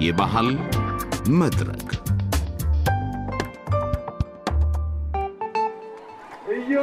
ये बहाल मदरक यो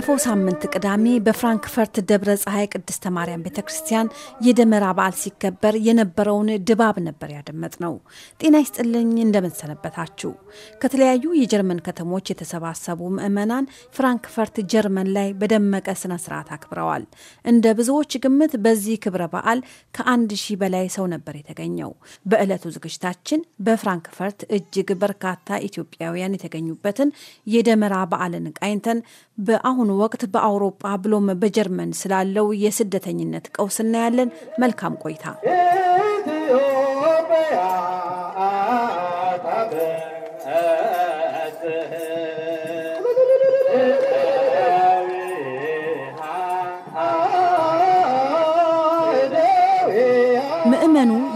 ባለፈው ሳምንት ቅዳሜ በፍራንክፈርት ደብረ ፀሐይ ቅድስተ ማርያም ቤተ ክርስቲያን የደመራ በዓል ሲከበር የነበረውን ድባብ ነበር ያደመጥ ነው። ጤና ይስጥልኝ፣ እንደምንሰነበታችሁ። ከተለያዩ የጀርመን ከተሞች የተሰባሰቡ ምዕመናን ፍራንክፈርት ጀርመን ላይ በደመቀ ስነ ስርዓት አክብረዋል። እንደ ብዙዎች ግምት በዚህ ክብረ በዓል ከአንድ ሺህ በላይ ሰው ነበር የተገኘው። በዕለቱ ዝግጅታችን በፍራንክፈርት እጅግ በርካታ ኢትዮጵያውያን የተገኙበትን የደመራ በዓልን ቃኝተን በአሁኑ በአሁኑ ወቅት በአውሮፓ ብሎም በጀርመን ስላለው የስደተኝነት ቀውስ እናያለን። መልካም ቆይታ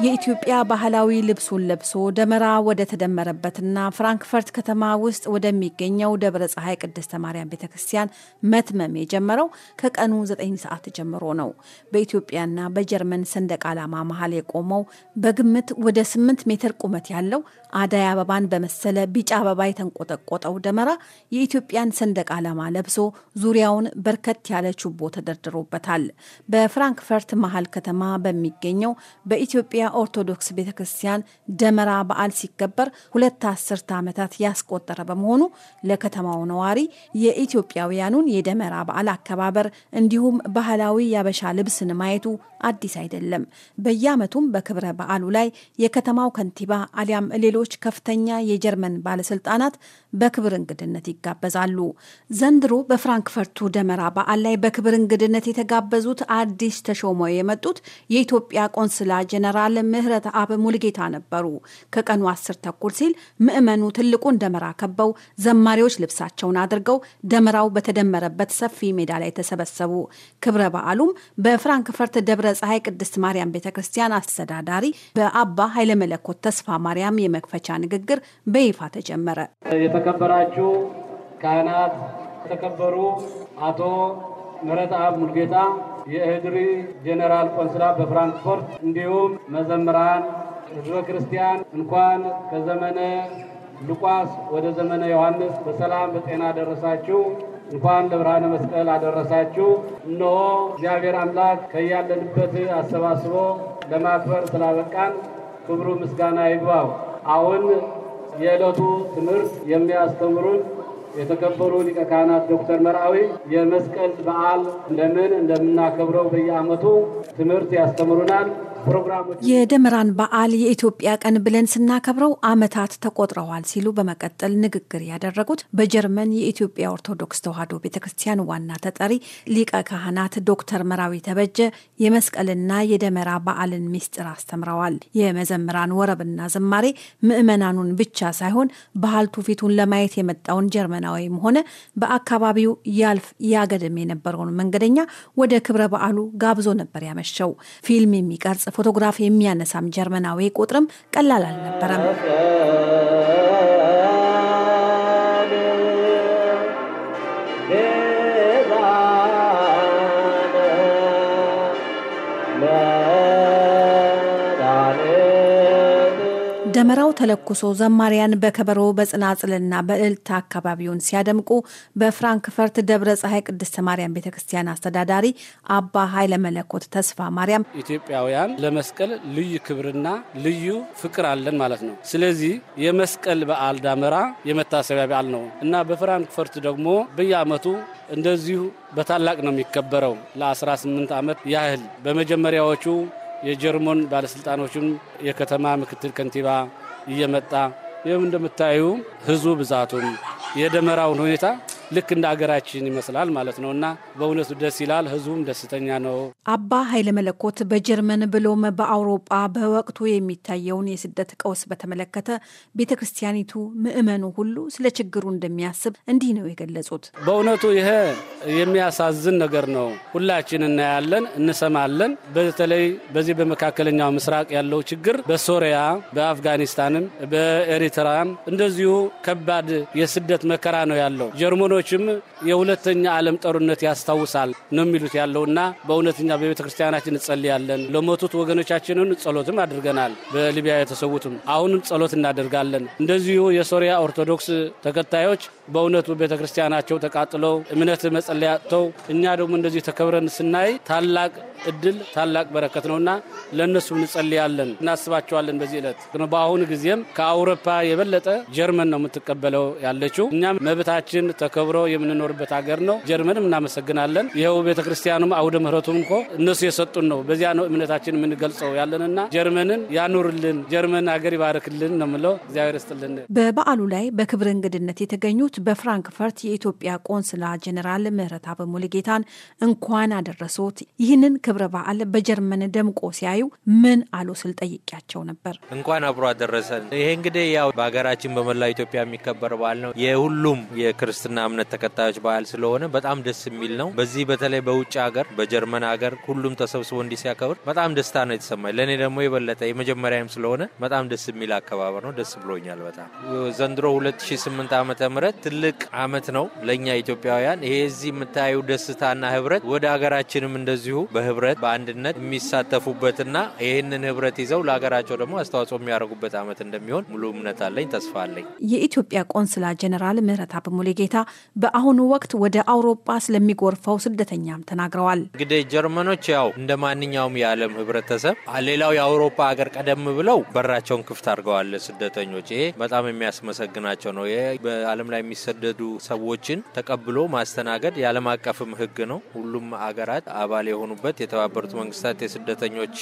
የኢትዮጵያ ባህላዊ ልብሱን ለብሶ ደመራ ወደ ተደመረበትና ፍራንክፈርት ከተማ ውስጥ ወደሚገኘው ደብረ ፀሐይ ቅድስተ ማርያም ቤተ ክርስቲያን መትመም የጀመረው ከቀኑ 9 ሰዓት ጀምሮ ነው። በኢትዮጵያና በጀርመን ሰንደቅ ዓላማ መሀል የቆመው በግምት ወደ 8 ሜትር ቁመት ያለው አዳይ አበባን በመሰለ ቢጫ አበባ የተንቆጠቆጠው ደመራ የኢትዮጵያን ሰንደቅ ዓላማ ለብሶ ዙሪያውን በርከት ያለ ችቦ ተደርድሮበታል። በፍራንክፈርት መሀል ከተማ በሚገኘው በኢትዮጵያ ኦርቶዶክስ ቤተ ክርስቲያን ደመራ በዓል ሲከበር ሁለት አስርተ ዓመታት ያስቆጠረ በመሆኑ ለከተማው ነዋሪ የኢትዮጵያውያኑን የደመራ በዓል አከባበር እንዲሁም ባህላዊ ያበሻ ልብስን ማየቱ አዲስ አይደለም። በየዓመቱም በክብረ በዓሉ ላይ የከተማው ከንቲባ አሊያም ሌሎች ከፍተኛ የጀርመን ባለስልጣናት በክብር እንግድነት ይጋበዛሉ። ዘንድሮ በፍራንክፈርቱ ደመራ በዓል ላይ በክብር እንግድነት የተጋበዙት አዲስ ተሾመው የመጡት የኢትዮጵያ ቆንስላ ጀነራል ምህረት አብ ሙልጌታ ነበሩ። ከቀኑ አስር ተኩል ሲል ምዕመኑ ትልቁን ደመራ ከበው ዘማሪዎች ልብሳቸውን አድርገው ደመራው በተደመረበት ሰፊ ሜዳ ላይ ተሰበሰቡ። ክብረ በዓሉም በፍራንክፈርት ደብረ ፀሐይ ቅድስት ማርያም ቤተ ክርስቲያን አስተዳዳሪ በአባ ኃይለ መለኮት ተስፋ ማርያም የመክፈቻ ንግግር በይፋ ተጀመረ። የተከበራችሁ ካህናት፣ የተከበሩ አቶ ምህረት አብ ሙልጌታ የእድሪ ጄኔራል ቆንስላ በፍራንክፎርት እንዲሁም መዘምራን ህዝበ ክርስቲያን እንኳን ከዘመነ ሉቃስ ወደ ዘመነ ዮሐንስ በሰላም በጤና ደረሳችሁ። እንኳን ለብርሃነ መስቀል አደረሳችሁ። እነሆ እግዚአብሔር አምላክ ከያለንበት አሰባስቦ ለማክበር ስላበቃን ክብሩ ምስጋና ይግባው። አሁን የዕለቱ ትምህርት የሚያስተምሩን የተከበሩ ሊቀ ካህናት ዶክተር መርአዊ የመስቀል በዓል እንደምን እንደምናከብረው በየዓመቱ ትምህርት ያስተምሩናል። የደመራን በዓል የኢትዮጵያ ቀን ብለን ስናከብረው ዓመታት ተቆጥረዋል ሲሉ በመቀጠል ንግግር ያደረጉት በጀርመን የኢትዮጵያ ኦርቶዶክስ ተዋሕዶ ቤተ ክርስቲያን ዋና ተጠሪ ሊቀ ካህናት ዶክተር መራዊ ተበጀ የመስቀልና የደመራ በዓልን ምስጢር አስተምረዋል። የመዘምራን ወረብና ዝማሬ ምዕመናኑን ብቻ ሳይሆን ባህል ፊቱን ለማየት የመጣውን ጀርመናዊም ሆነ በአካባቢው ያልፍ ያገድም የነበረውን መንገደኛ ወደ ክብረ በዓሉ ጋብዞ ነበር ያመሸው ፊልም የሚቀርጽ ፎቶግራፍ የሚያነሳም ጀርመናዊ ቁጥርም ቀላል አልነበረም። ደመራው ተለኩሶ ዘማሪያን በከበሮ በጽናጽልና በእልልታ አካባቢውን ሲያደምቁ በፍራንክፈርት ደብረ ፀሐይ ቅድስተ ማርያም ቤተ ክርስቲያን አስተዳዳሪ አባ ኃይለ መለኮት ተስፋ ማርያም ኢትዮጵያውያን ለመስቀል ልዩ ክብርና ልዩ ፍቅር አለን ማለት ነው። ስለዚህ የመስቀል በዓል ዳመራ የመታሰቢያ በዓል ነው እና በፍራንክፈርት ደግሞ በየዓመቱ እንደዚሁ በታላቅ ነው የሚከበረው ለ18 ዓመት ያህል በመጀመሪያዎቹ የጀርመን ባለስልጣኖችም የከተማ ምክትል ከንቲባ እየመጣ ይህም እንደምታዩ ህዝቡ ብዛቱም የደመራውን ሁኔታ ልክ እንደ ሀገራችን ይመስላል ማለት ነው እና በእውነቱ ደስ ይላል። ህዝቡም ደስተኛ ነው። አባ ኃይለ መለኮት በጀርመን ብሎም በአውሮጳ በወቅቱ የሚታየውን የስደት ቀውስ በተመለከተ ቤተ ክርስቲያኒቱ ምእመኑ ሁሉ ስለ ችግሩ እንደሚያስብ እንዲህ ነው የገለጹት። በእውነቱ ይሄ የሚያሳዝን ነገር ነው። ሁላችን እናያለን፣ እንሰማለን። በተለይ በዚህ በመካከለኛው ምስራቅ ያለው ችግር በሶሪያ በአፍጋኒስታንም በኤሪትራም እንደዚሁ ከባድ የስደት መከራ ነው ያለው ጀርመኖች ሰዎችም የሁለተኛ ዓለም ጦርነት ያስታውሳል ነው የሚሉት ያለውና በእውነተኛ በቤተ ክርስቲያናችን እንጸልያለን። ለሞቱት ወገኖቻችንን ጸሎትም አድርገናል። በሊቢያ የተሰዉትም አሁንም ጸሎት እናደርጋለን። እንደዚሁ የሶሪያ ኦርቶዶክስ ተከታዮች በእውነቱ ቤተ ክርስቲያናቸው ተቃጥለው እምነት መጸለይ አጥተው እኛ ደግሞ እንደዚህ ተከብረን ስናይ ታላቅ እድል ታላቅ በረከት ነውና ለእነሱ እንጸልያለን፣ እናስባቸዋለን። በዚህ ዕለት በአሁኑ ጊዜም ከአውሮፓ የበለጠ ጀርመን ነው የምትቀበለው ያለችው። እኛም መብታችን ተከብሮ የምንኖርበት ሀገር ነው። ጀርመንም እናመሰግናለን። ይኸው ቤተ ክርስቲያኑም አውደ ምሕረቱም እኮ እነሱ የሰጡን ነው። በዚያ ነው እምነታችን የምንገልጸው ያለንና ጀርመንን ያኑርልን፣ ጀርመን ሀገር ይባርክልን ነው ምለው። እግዚአብሔር ይስጥልን። በበዓሉ ላይ በክብር እንግድነት የተገኙ የገለጹት በፍራንክፈርት የኢትዮጵያ ቆንስላ ጀኔራል ምህረተአብ ሙሉጌታን እንኳን አደረሶት። ይህንን ክብረ በዓል በጀርመን ደምቆ ሲያዩ ምን አሉ ስል ጠይቄያቸው ነበር። እንኳን አብሮ አደረሰን። ይሄ እንግዲህ ያው በሀገራችን በመላው ኢትዮጵያ የሚከበር በዓል ነው። የሁሉም የክርስትና እምነት ተከታዮች በዓል ስለሆነ በጣም ደስ የሚል ነው። በዚህ በተለይ በውጭ ሀገር በጀርመን ሀገር ሁሉም ተሰብስቦ እንዲህ ሲያከብር በጣም ደስታ ነው የተሰማኝ። ለእኔ ደግሞ የበለጠ የመጀመሪያም ስለሆነ በጣም ደስ የሚል አከባበር ነው። ደስ ብሎኛል በጣም ዘንድሮ 2008 ዓ ምት ትልቅ አመት ነው ለእኛ ኢትዮጵያውያን። ይሄ እዚህ የምታየው ደስታና ህብረት ወደ ሀገራችንም እንደዚሁ በህብረት በአንድነት የሚሳተፉበትና ይህንን ህብረት ይዘው ለሀገራቸው ደግሞ አስተዋጽኦ የሚያደርጉበት አመት እንደሚሆን ሙሉ እምነት አለኝ፣ ተስፋ አለኝ። የኢትዮጵያ ቆንስላ ጀኔራል ምህረተአብ ጌታ በአሁኑ ወቅት ወደ አውሮፓ ስለሚጎርፈው ስደተኛም ተናግረዋል። እንግዲህ ጀርመኖች ያው እንደ ማንኛውም የዓለም ህብረተሰብ ሌላው የአውሮፓ ሀገር ቀደም ብለው በራቸውን ክፍት አድርገዋል ስደተኞች። ይሄ በጣም የሚያስመሰግናቸው ነው። በዓለም ላይ የሚሰደዱ ሰዎችን ተቀብሎ ማስተናገድ የዓለም አቀፍም ህግ ነው። ሁሉም አገራት አባል የሆኑበት የተባበሩት መንግስታት የስደተኞች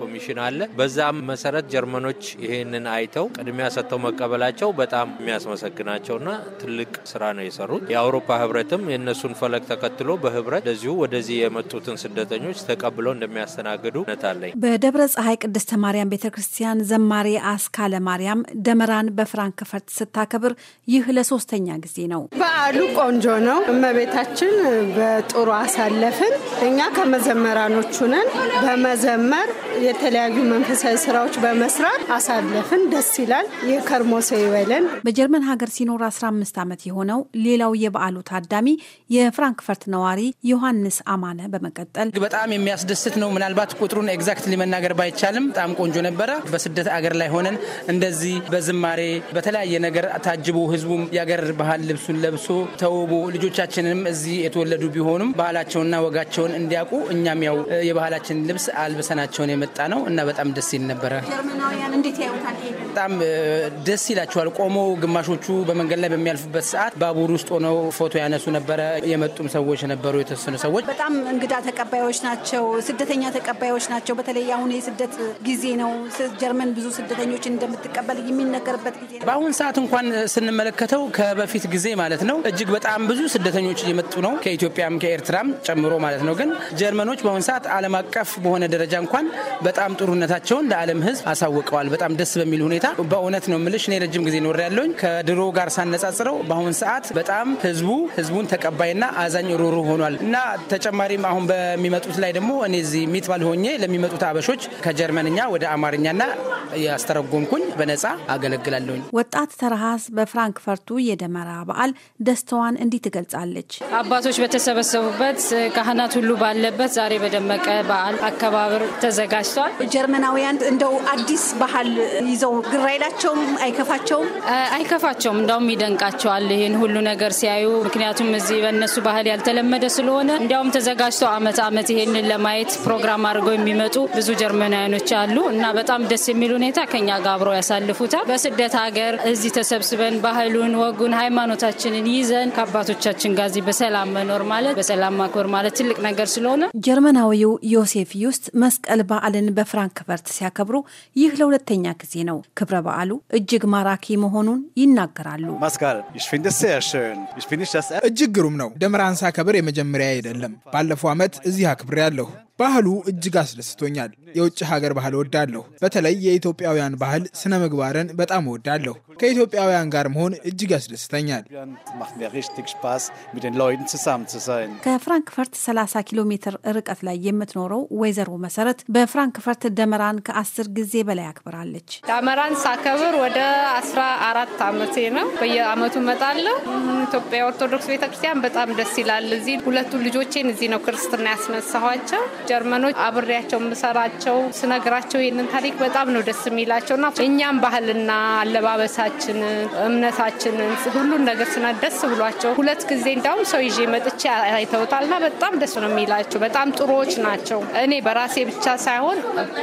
ኮሚሽን አለ። በዛም መሰረት ጀርመኖች ይሄንን አይተው ቅድሚያ ሰጥተው መቀበላቸው በጣም የሚያስመሰግናቸውና ትልቅ ስራ ነው የሰሩት። የአውሮፓ ህብረትም የእነሱን ፈለግ ተከትሎ በህብረት እንደዚሁ ወደዚህ የመጡትን ስደተኞች ተቀብለው እንደሚያስተናግዱ ነት አለኝ። በደብረ ፀሐይ ቅድስተ ማርያም ቤተ ክርስቲያን ዘማሪ አስካለ ማርያም ደመራን በፍራንክፈርት ስታከብር ይህ ለሶስተኛ ጊዜ ነው። በዓሉ ቆንጆ ነው። እመቤታችን በጥሩ አሳለፍን። እኛ ከመዘመራኖቹ ነን። በመዘመር የተለያዩ መንፈሳዊ ስራዎች በመስራት አሳለፍን። ደስ ይላል። የከርሞ ሰው ይበለን። በጀርመን ሀገር ሲኖር 15 ዓመት የሆነው ሌላው የበዓሉ ታዳሚ የፍራንክፈርት ነዋሪ ዮሐንስ አማነ በመቀጠል በጣም የሚያስደስት ነው። ምናልባት ቁጥሩን ኤግዛክትሊ መናገር ባይቻልም በጣም ቆንጆ ነበረ። በስደት አገር ላይ ሆነን እንደዚህ በዝማሬ በተለያየ ነገር ታጅቦ ህዝቡም ያገር ባህል ልብሱን ለብሶ ተውቦ ልጆቻችንም እዚህ የተወለዱ ቢሆኑም ባህላቸውንና ወጋቸውን እንዲያውቁ እኛም ያው የባህላችን ልብስ አልብሰናቸውን የመጣ ነው እና በጣም ደስ ይል ነበረ። በጣም ደስ ይላቸዋል። ቆመው ግማሾቹ በመንገድ ላይ በሚያልፉበት ሰዓት ባቡር ውስጥ ሆነው ፎቶ ያነሱ ነበረ። የመጡም ሰዎች ነበሩ። የተወሰኑ ሰዎች በጣም እንግዳ ተቀባዮች ናቸው። ስደተኛ ተቀባዮች ናቸው። በተለይ አሁን የስደት ጊዜ ነው። ጀርመን ብዙ ስደተኞች እንደምትቀበል የሚነገርበት ጊዜ ነው። በአሁን ሰዓት እንኳን ስንመለከተው ከበፊት በፊት ጊዜ ማለት ነው እጅግ በጣም ብዙ ስደተኞች እየመጡ ነው ከኢትዮጵያም ከኤርትራም ጨምሮ ማለት ነው። ግን ጀርመኖች በአሁኑ ሰዓት ዓለም አቀፍ በሆነ ደረጃ እንኳን በጣም ጥሩነታቸውን ለዓለም ሕዝብ አሳውቀዋል። በጣም ደስ በሚል ሁኔታ በእውነት ነው ምልሽ። እኔ ረጅም ጊዜ ኖር ያለውኝ ከድሮ ጋር ሳነጻጽረው በአሁን ሰዓት በጣም ሕዝቡ ሕዝቡን ተቀባይና አዛኝ ሩሩ ሆኗል እና ተጨማሪም አሁን በሚመጡት ላይ ደግሞ እኔ እዚህ ባል ሆኜ ለሚመጡት አበሾች ከጀርመንኛ ወደ አማርኛና ያስተረጎምኩኝ በነጻ አገለግላለሁኝ። ወጣት ተረሃስ በፍራንክፈርቱ የደመራ የከተራ በዓል ደስታዋን እንዲህ ትገልጻለች። አባቶች በተሰበሰቡበት ካህናት ሁሉ ባለበት ዛሬ በደመቀ በዓል አከባበር ተዘጋጅቷል። ጀርመናውያን እንደው አዲስ ባህል ይዘው ግራ አይላቸውም፣ አይከፋቸውም፣ አይከፋቸውም፣ እንዳውም ይደንቃቸዋል ይህን ሁሉ ነገር ሲያዩ። ምክንያቱም እዚህ በእነሱ ባህል ያልተለመደ ስለሆነ እንዲያውም ተዘጋጅቶ አመት አመት ይህንን ለማየት ፕሮግራም አድርገው የሚመጡ ብዙ ጀርመናውያኖች አሉ እና በጣም ደስ የሚል ሁኔታ ከኛ ጋር አብረው ያሳልፉታል። በስደት ሀገር እዚህ ተሰብስበን ባህሉን ወጉን ሃይማኖታችንን ይዘን ከአባቶቻችን ጋር እዚህ በሰላም መኖር ማለት በሰላም ማክበር ማለት ትልቅ ነገር ስለሆነ ጀርመናዊው ዮሴፍ ዩስት መስቀል በዓልን በፍራንክፈርት ሲያከብሩ ይህ ለሁለተኛ ጊዜ ነው። ክብረ በዓሉ እጅግ ማራኪ መሆኑን ይናገራሉ። er እጅግ ግሩም ነው። ደመራን ሳከብር የመጀመሪያ አይደለም። ባለፈው ዓመት እዚህ አክብሬ ያለሁ። ባህሉ እጅግ አስደስቶኛል። የውጭ ሀገር ባህል እወዳለሁ። በተለይ የኢትዮጵያውያን ባህል ስነ ምግባርን በጣም እወዳለሁ። ከኢትዮጵያውያን ጋር መሆን እጅግ ያስደስተኛል። ይመስለኛል። ከፍራንክፈርት 30 ኪሎ ሜትር ርቀት ላይ የምትኖረው ወይዘሮ መሰረት በፍራንክፈርት ደመራን ከአስር ጊዜ በላይ አክብራለች። ደመራን ሳከብር ወደ 14 ዓመቴ ነው። በየአመቱ እመጣለሁ። ኢትዮጵያ ኦርቶዶክስ ቤተክርስቲያን በጣም ደስ ይላል። እዚህ ሁለቱ ልጆቼን እዚህ ነው ክርስትና ያስነሳኋቸው። ጀርመኖች አብሬያቸው የምሰራቸው ስነግራቸው ይህንን ታሪክ በጣም ነው ደስ እና እኛም ባህልና አለባበሳችንን እምነታችንን ሁሉን ነገር ስና ደስ ብሏቸው ሁለት ጊዜ እንዲያውም ሰው ይዤ መጥቼ ና በጣም ደስ ነው የሚላቸው። በጣም ጥሩዎች ናቸው። እኔ በራሴ ብቻ ሳይሆን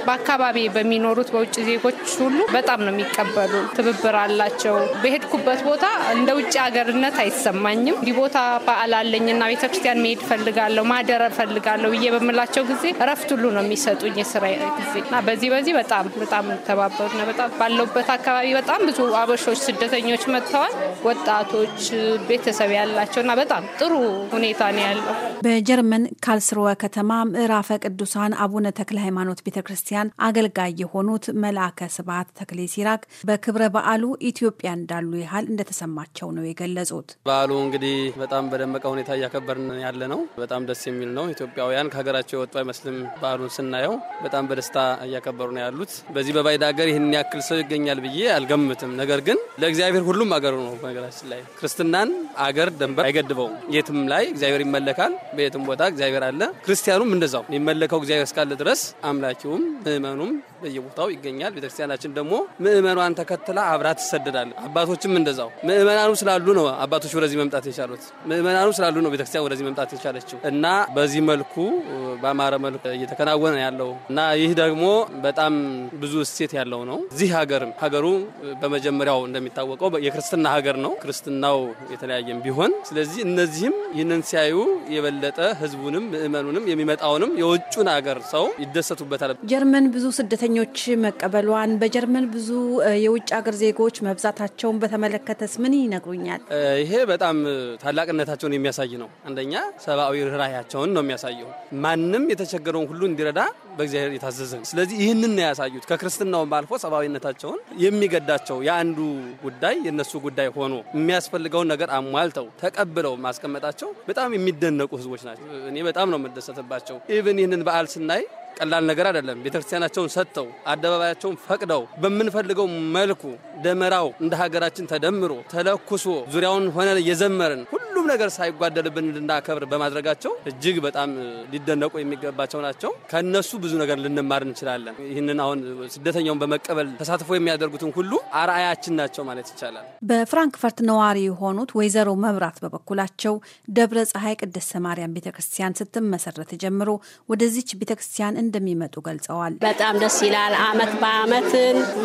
በአካባቢ በሚኖሩት በውጭ ዜጎች ሁሉ በጣም ነው የሚቀበሉ። ትብብር አላቸው። በሄድኩበት ቦታ እንደ ውጭ ሀገርነት አይሰማኝም። እንዲህ ቦታ በዓል አለኝና ቤተክርስቲያን መሄድ ፈልጋለሁ ማደረ ፈልጋለሁ ብዬ በምላቸው ጊዜ እረፍት ሁሉ ነው የሚሰጡኝ የስራ ጊዜ እና በዚህ በዚህ በጣም በጣም ተባበሩና በጣም ባለውበት አካባቢ በጣም ብዙ አበሾች ስደተኞች መጥተዋል ወጣ ወጣቶች ቤተሰብ ያላቸውና በጣም ጥሩ ሁኔታ ነው ያለው። በጀርመን ካልስሮወ ከተማ ምዕራፈ ቅዱሳን አቡነ ተክለ ሃይማኖት ቤተ ክርስቲያን አገልጋይ የሆኑት መልአከ ስብሐት ተክሌ ሲራክ በክብረ በዓሉ ኢትዮጵያ እንዳሉ ያህል እንደተሰማቸው ነው የገለጹት። በዓሉ እንግዲህ በጣም በደመቀ ሁኔታ እያከበርን ያለ ነው። በጣም ደስ የሚል ነው። ኢትዮጵያውያን ከሀገራቸው የወጡ አይመስልም። በዓሉን ስናየው በጣም በደስታ እያከበሩ ነው ያሉት። በዚህ በባይዳ ሀገር ይህን ያክል ሰው ይገኛል ብዬ አልገምትም። ነገር ግን ለእግዚአብሔር ሁሉም አገሩ ነው በነገራችን ላይ ክርስትናን አገር ደንበር አይገድበውም። የትም ላይ እግዚአብሔር ይመለካል። በየትም ቦታ እግዚአብሔር አለ። ክርስቲያኑም እንደዛው የሚመለከው እግዚአብሔር እስካለ ድረስ አምላኪውም ምእመኑም በየቦታው ይገኛል። ቤተክርስቲያናችን ደግሞ ምእመኗን ተከትላ አብራ ትሰደዳለች። አባቶችም እንደዛው ምእመናኑ ስላሉ ነው አባቶች ወደዚህ መምጣት የቻሉት። ምእመናኑ ስላሉ ነው ቤተክርስቲያን ወደዚህ መምጣት የቻለችው እና በዚህ መልኩ በአማረ መልኩ እየተከናወነ ያለው እና ይህ ደግሞ በጣም ብዙ እሴት ያለው ነው። እዚህ ሀገር ሀገሩ በመጀመሪያው እንደሚታወቀው የክርስትና ሀገር ነው። ክርስትናው የተለያየም ቢሆን ስለዚህ እነዚህም ይህንን ሲያዩ የበለጠ ህዝቡንም ምእመኑንም የሚመጣውንም የውጩን ሀገር ሰው ይደሰቱበታል። ጀርመን ብዙ ስደተኛ ስደተኞች መቀበሏን በጀርመን ብዙ የውጭ ሀገር ዜጎች መብዛታቸውን በተመለከተስ ምን ይነግሩኛል? ይሄ በጣም ታላቅነታቸውን የሚያሳይ ነው። አንደኛ ሰብአዊ ርኅራኄያቸውን ነው የሚያሳየው። ማንም የተቸገረውን ሁሉ እንዲረዳ በእግዚአብሔር የታዘዘ ነው። ስለዚህ ይህንን ነው ያሳዩት። ከክርስትናውም አልፎ ሰብአዊነታቸውን የሚገዳቸው የአንዱ ጉዳይ የእነሱ ጉዳይ ሆኖ የሚያስፈልገውን ነገር አሟልተው ተቀብለው ማስቀመጣቸው በጣም የሚደነቁ ህዝቦች ናቸው። እኔ በጣም ነው የምደሰትባቸው። ኢቨን ይህንን በዓል ስናይ ቀላል ነገር አይደለም። ቤተክርስቲያናቸውን ሰጥተው አደባባያቸውን ፈቅደው በምንፈልገው መልኩ ደመራው እንደ ሀገራችን ተደምሮ ተለኩሶ ዙሪያውን ሆነ የዘመርን ምንም ነገር ሳይጓደልብን እንድናከብር በማድረጋቸው እጅግ በጣም ሊደነቁ የሚገባቸው ናቸው። ከእነሱ ብዙ ነገር ልንማር እንችላለን። ይህንን አሁን ስደተኛውን በመቀበል ተሳትፎ የሚያደርጉትን ሁሉ አርአያችን ናቸው ማለት ይቻላል። በፍራንክፈርት ነዋሪ የሆኑት ወይዘሮ መብራት በበኩላቸው ደብረ ፀሐይ ቅድስተ ማርያም ቤተክርስቲያን ስትመሰረት ጀምሮ ወደዚች ቤተክርስቲያን እንደሚመጡ ገልጸዋል። በጣም ደስ ይላል። አመት በአመት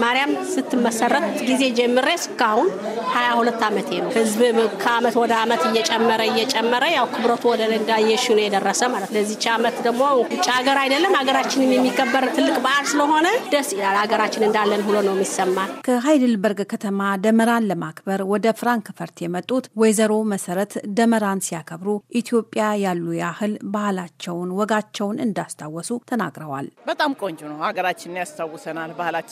ማርያም ስትመሰረት ጊዜ ጀምሬ እስካሁን ሀያ ሁለት አመቴ ነው። ህዝብ ከአመት ወደ አመት እየጨ እየጨመረ እየጨመረ ያው ክብረቱ ወደ ነጋየሹ ነው የደረሰ ማለት ነው። ለዚች አመት ደግሞ ውጭ ሀገር አይደለም ሀገራችንም የሚከበር ትልቅ በዓል ስለሆነ ደስ ይላል። ሀገራችን እንዳለን ብሎ ነው የሚሰማል። ከሀይድልበርግ ከተማ ደመራን ለማክበር ወደ ፍራንክፈርት የመጡት ወይዘሮ መሰረት ደመራን ሲያከብሩ ኢትዮጵያ ያሉ ያህል ባህላቸውን ወጋቸውን እንዳስታወሱ ተናግረዋል። በጣም ቆንጆ ነው። ሀገራችን ያስታውሰናል። ባህላችን፣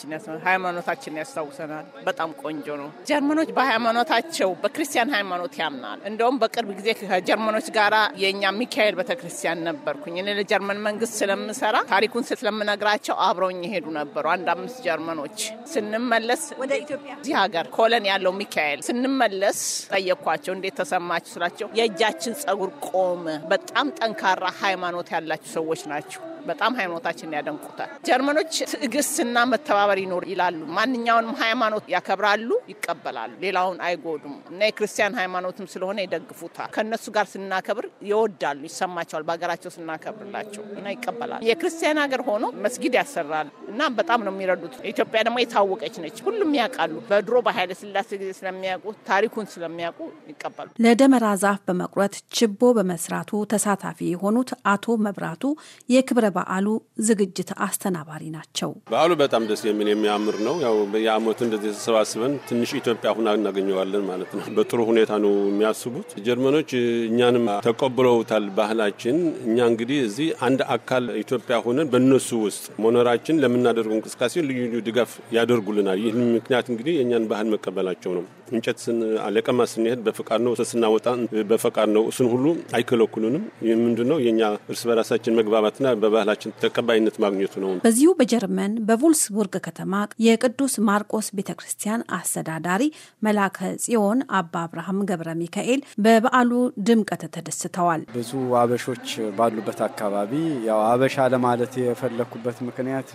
ሃይማኖታችን ያስታውሰናል። በጣም ቆንጆ ነው። ጀርመኖች በሃይማኖታቸው በክርስቲያን ሃይማኖት ያምናል። እንደውም በቅርብ ጊዜ ከጀርመኖች ጋራ የእኛ ሚካኤል ቤተክርስቲያን ነበርኩኝ። እኔ ለጀርመን መንግስት ስለምሰራ ታሪኩን ስለምነግራቸው አብረውኝ የሄዱ ነበሩ። አንድ አምስት ጀርመኖች ስንመለስ ወደ ኢትዮጵያ እዚህ ሀገር ኮለን ያለው ሚካኤል ስንመለስ ጠየኳቸው፣ እንዴት ተሰማችሁ ስላቸው የእጃችን ጸጉር ቆመ። በጣም ጠንካራ ሃይማኖት ያላችሁ ሰዎች ናቸው። በጣም ሃይማኖታችን ያደንቁታል። ጀርመኖች ትዕግስትና መተባበር ይኖር ይላሉ። ማንኛውንም ሃይማኖት ያከብራሉ፣ ይቀበላሉ፣ ሌላውን አይጎዱም እና የክርስቲያን ሃይማኖትም ስለሆነ ይደግፉታል። ከእነሱ ጋር ስናከብር ይወዳሉ፣ ይሰማቸዋል። በሀገራቸው ስናከብርላቸው እና ይቀበላሉ። የክርስቲያን ሀገር ሆኖ መስጊድ ያሰራል እና በጣም ነው የሚረዱት። ኢትዮጵያ ደግሞ የታወቀች ነች፣ ሁሉም ያውቃሉ። በድሮ በኃይለ ስላሴ ጊዜ ስለሚያውቁ ታሪኩን ስለሚያውቁ ይቀበሉ። ለደመራ ዛፍ በመቁረት ችቦ በመስራቱ ተሳታፊ የሆኑት አቶ መብራቱ የክብረ ለበዓሉ ዝግጅት አስተናባሪ ናቸው። በዓሉ በጣም ደስ የሚል የሚያምር ነው። ያው የአመቱ እንደዚህ ተሰባስበን ትንሽ ኢትዮጵያ ሁና እናገኘዋለን ማለት ነው። በጥሩ ሁኔታ ነው የሚያስቡት ጀርመኖች። እኛንም ተቀብለውታል ባህላችን። እኛ እንግዲህ እዚህ አንድ አካል ኢትዮጵያ ሆነን በእነሱ ውስጥ መኖራችን ለምናደርገው እንቅስቃሴ ልዩ ልዩ ድጋፍ ያደርጉልናል። ይህ ምክንያት እንግዲህ የእኛን ባህል መቀበላቸው ነው። እንጨት ለቀማ ስንሄድ በፈቃድ ነው፣ ስናወጣ በፈቃድ ነው። እሱን ሁሉ አይከለኩሉንም። ምንድነው የእኛ እርስ በራሳችን መግባባትና ባህላችን ተቀባይነት ማግኘቱ ነው። በዚሁ በጀርመን በቮልስቡርግ ከተማ የቅዱስ ማርቆስ ቤተ ክርስቲያን አስተዳዳሪ መላከ ጽዮን አባ አብርሃም ገብረ ሚካኤል በበዓሉ ድምቀት ተደስተዋል። ብዙ አበሾች ባሉበት አካባቢ ያው አበሻ ለማለት የፈለግኩበት ምክንያት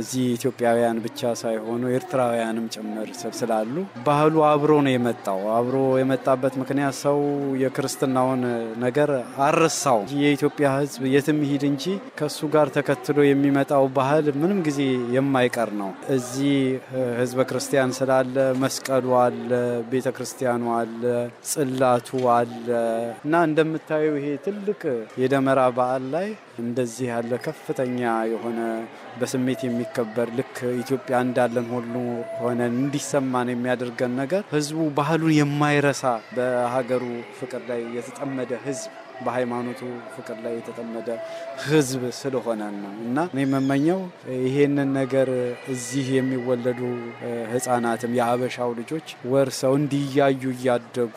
እዚህ ኢትዮጵያውያን ብቻ ሳይሆኑ ኤርትራውያንም ጭምር ስላሉ ባህሉ አብሮ ነው የመጣው። አብሮ የመጣበት ምክንያት ሰው የክርስትናውን ነገር አረሳው። የኢትዮጵያ ሕዝብ የትም ሂድ እንጂ ከሱ ጋር ተከትሎ የሚመጣው ባህል ምንም ጊዜ የማይቀር ነው። እዚህ ህዝበ ክርስቲያን ስላለ መስቀሉ አለ፣ ቤተ ክርስቲያኑ አለ፣ ጽላቱ አለ እና እንደምታየው ይሄ ትልቅ የደመራ በዓል ላይ እንደዚህ ያለ ከፍተኛ የሆነ በስሜት የሚከበር ልክ ኢትዮጵያ እንዳለን ሁሉ ሆነን እንዲሰማን የሚያደርገን ነገር ህዝቡ ባህሉን የማይረሳ በሀገሩ ፍቅር ላይ የተጠመደ ህዝብ በሃይማኖቱ ፍቅር ላይ የተጠመደ ህዝብ ስለሆነ ነው እና እኔ የምመኘው ይሄንን ነገር እዚህ የሚወለዱ ህጻናትም የሀበሻው ልጆች ወርሰው እንዲያዩ እያደጉ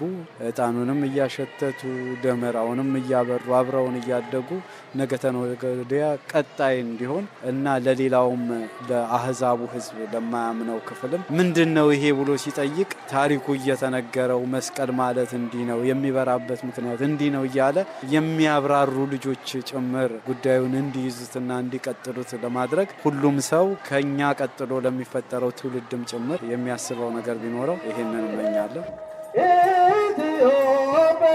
እጣኑንም እያሸተቱ ደመራውንም እያበሩ አብረውን እያደጉ ነገ ቀጣይ እንዲሆን እና ለሌላውም ለአህዛቡ ህዝብ ለማያምነው ክፍልም ምንድን ነው ይሄ ብሎ ሲጠይቅ ታሪኩ እየተነገረው መስቀል ማለት እንዲህ ነው የሚበራበት ምክንያት እንዲህ ነው እያለ የሚያብራሩ ልጆች ጭምር ጉዳዩን እንዲይዙትና እንዲቀጥሉት ለማድረግ ሁሉም ሰው ከኛ ቀጥሎ ለሚፈጠረው ትውልድም ጭምር የሚያስበው ነገር ቢኖረው ይህንን እመኛለሁ። ኢትዮጵያ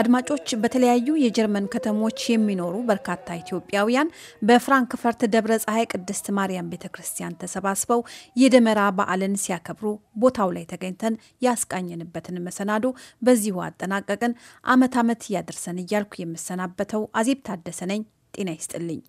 አድማጮች በተለያዩ የጀርመን ከተሞች የሚኖሩ በርካታ ኢትዮጵያውያን በፍራንክፈርት ደብረ ፀሐይ ቅድስት ማርያም ቤተ ክርስቲያን ተሰባስበው የደመራ በዓልን ሲያከብሩ ቦታው ላይ ተገኝተን ያስቃኘንበትን መሰናዶ በዚሁ አጠናቀቅን። ዓመት አመት እያደርሰን እያልኩ የምሰናበተው አዜብ ታደሰ ነኝ። ጤና ይስጥልኝ።